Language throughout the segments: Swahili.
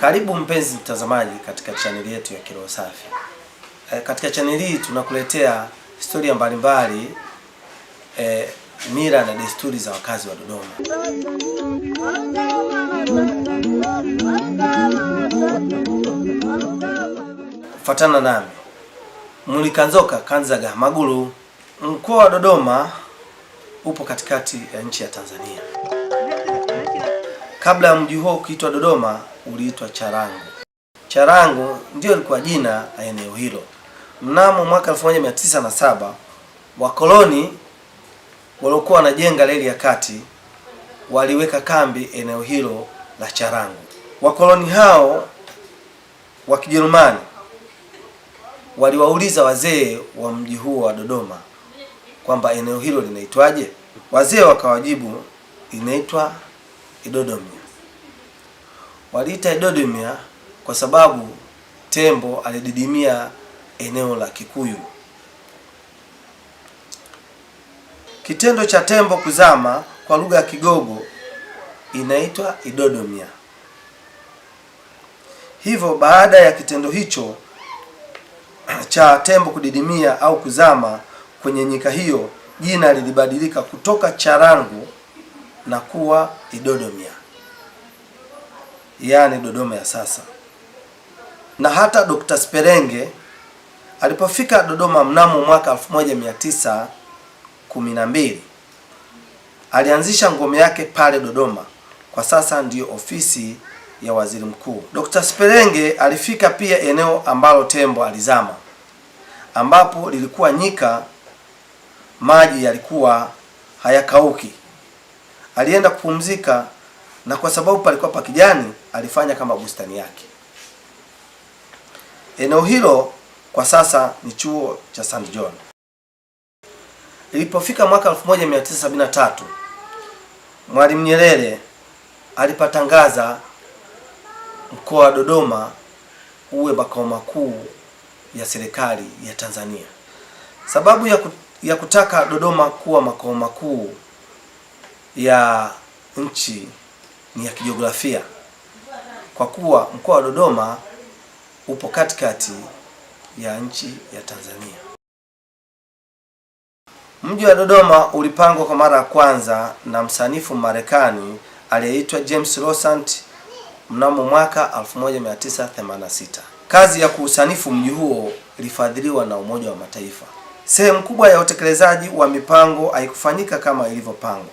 Karibu mpenzi mtazamaji katika chaneli yetu ya Kiroho Safi. E, katika chaneli hii tunakuletea historia mbalimbali e, mila na desturi za wakazi wa Dodoma. Fatana nami Mulikanzoka Kanzaga Maguru, mkoa wa Dodoma upo katikati ya nchi ya Tanzania. Kabla ya mji huo ukiitwa Dodoma, uliitwa Charango. Charango ndio ilikuwa jina la eneo hilo. Mnamo mwaka 1907 wakoloni waliokuwa wanajenga reli ya kati waliweka kambi eneo hilo la Charango. Wakoloni hao wa Kijerumani waliwauliza wazee wa mji huo wa Dodoma kwamba eneo hilo linaitwaje? Wazee wakawajibu inaitwa Idodomia. Waliita Idodomia kwa sababu tembo alididimia eneo la Kikuyu. Kitendo cha tembo kuzama kwa lugha ya Kigogo inaitwa Idodomia. Hivyo baada ya kitendo hicho cha tembo kudidimia au kuzama kwenye nyika hiyo jina lilibadilika kutoka Charangu na kuwa Idodomia, yaani Dodoma ya sasa. Na hata Dr. Sperenge alipofika Dodoma mnamo mwaka 1912 alianzisha ngome yake pale Dodoma, kwa sasa ndiyo ofisi ya waziri mkuu. Dr. Sperenge alifika pia eneo ambalo tembo alizama, ambapo lilikuwa nyika maji yalikuwa hayakauki. Alienda kupumzika, na kwa sababu palikuwa pakijani, alifanya kama bustani yake. Eneo hilo kwa sasa ni chuo cha St. John. Ilipofika mwaka 1973 Mwalimu Nyerere alipatangaza mkoa wa Dodoma uwe makao makuu ya serikali ya Tanzania. Sababu ya ya kutaka Dodoma kuwa makao makuu ya nchi ni ya kijiografia, kwa kuwa mkoa wa Dodoma upo katikati ya nchi ya Tanzania. Mji wa Dodoma ulipangwa kwa mara ya kwanza na msanifu Marekani aliyeitwa James Rosant mnamo mwaka 1986. Kazi ya kuusanifu mji huo ilifadhiliwa na Umoja wa Mataifa. Sehemu kubwa ya utekelezaji wa mipango haikufanyika kama ilivyopangwa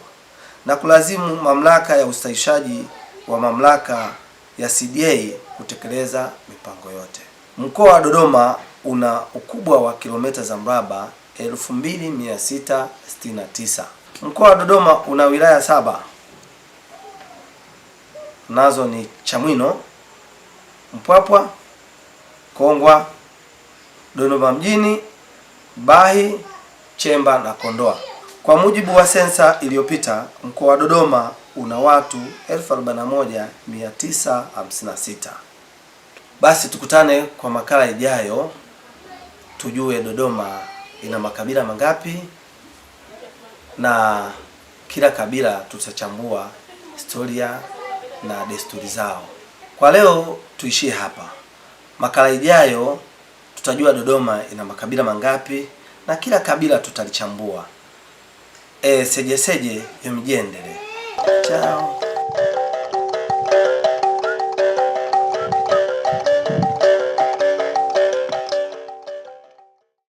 na kulazimu mamlaka ya ustawishaji wa mamlaka ya CDA kutekeleza mipango yote. Mkoa wa Dodoma una ukubwa wa kilomita za mraba 2669. Mkoa wa Dodoma una wilaya saba, nazo ni Chamwino, Mpwapwa, Kongwa, Dodoma mjini Bahi, Chemba na Kondoa. Kwa mujibu wa sensa iliyopita, mkoa wa Dodoma una watu 41956. Basi tukutane kwa makala ijayo tujue Dodoma ina makabila mangapi na kila kabila tutachambua historia na desturi zao. Kwa leo tuishie hapa. Makala ijayo tutajua Dodoma ina makabila mangapi na kila kabila tutalichambua. Eh, e, sejeseje mjendele chao.